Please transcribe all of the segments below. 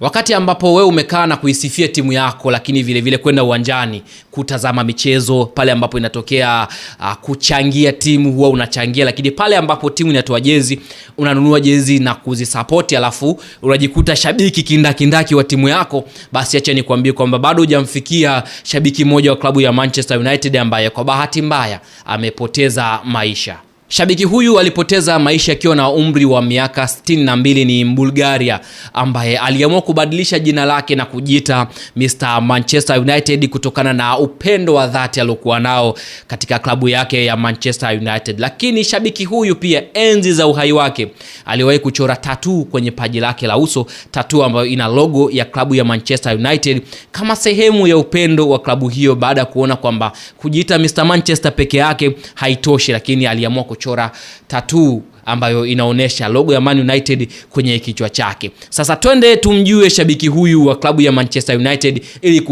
Wakati ambapo wewe umekaa na kuisifia timu yako, lakini vilevile kwenda uwanjani kutazama michezo pale ambapo inatokea, uh, kuchangia timu huwa unachangia, lakini pale ambapo timu inatoa jezi unanunua jezi na kuzisapoti, alafu unajikuta shabiki kindakindaki wa timu yako, basi acha nikwambie kwamba bado hujamfikia shabiki mmoja wa klabu ya Manchester United ambaye kwa bahati mbaya amepoteza maisha. Shabiki huyu alipoteza maisha akiwa na umri wa miaka 62. Ni bulgaria ambaye aliamua kubadilisha jina lake na kujiita Mr Manchester United kutokana na upendo wa dhati aliokuwa nao katika klabu yake ya Manchester United. Lakini shabiki huyu pia, enzi za uhai wake, aliwahi kuchora tatuu kwenye paji lake la uso, tatuu ambayo ina logo ya klabu ya Manchester United kama sehemu ya upendo wa klabu hiyo, baada ya kuona kwamba kujiita Mr Manchester peke yake haitoshi, lakini aliamua kuchora tatuu ambayo inaonyesha logo ya Man United kwenye kichwa chake. Sasa twende tumjue shabiki huyu wa klabu ya Manchester United ili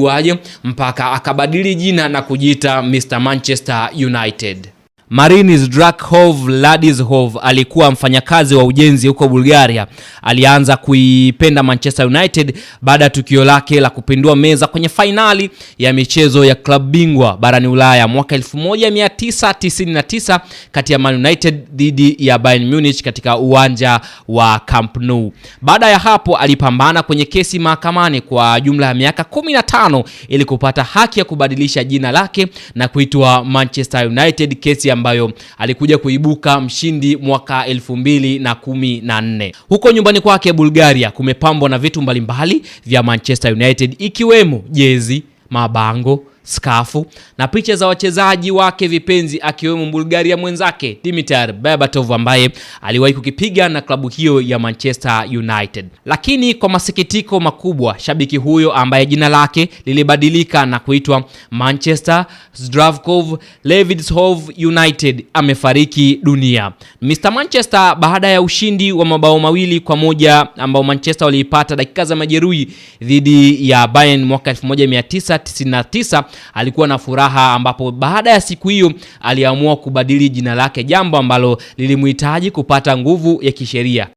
mpaka akabadili jina na kujiita Mr Manchester United. Marin drakhov Ladishov alikuwa mfanyakazi wa ujenzi huko Bulgaria. Alianza kuipenda Manchester United baada ya tukio lake la kupindua meza kwenye fainali ya michezo ya klabu bingwa barani Ulaya mwaka 1999 kati ya Man United dhidi ya Bayern Munich katika uwanja wa Camp Nou. Baada ya hapo alipambana kwenye kesi mahakamani kwa jumla ya miaka 15 ili kupata haki ya kubadilisha jina lake na kuitwa Manchester United, kesi ya ambayo alikuja kuibuka mshindi mwaka elfu mbili na kumi na nne. Huko nyumbani kwake Bulgaria kumepambwa na vitu mbalimbali vya Manchester United ikiwemo jezi, mabango skafu na picha za wachezaji wake vipenzi akiwemo Bulgaria mwenzake Dimitar Berbatov ambaye aliwahi kukipiga na klabu hiyo ya Manchester United. Lakini kwa masikitiko makubwa, shabiki huyo ambaye jina lake lilibadilika na kuitwa Manchester Zdravkov Levidshov United amefariki dunia. Mr Manchester baada ya ushindi wa mabao mawili kwa moja ambao Manchester waliipata dakika za majeruhi dhidi ya Bayern mwaka 1999 alikuwa na furaha, ambapo baada ya siku hiyo aliamua kubadili jina lake, jambo ambalo lilimhitaji kupata nguvu ya kisheria.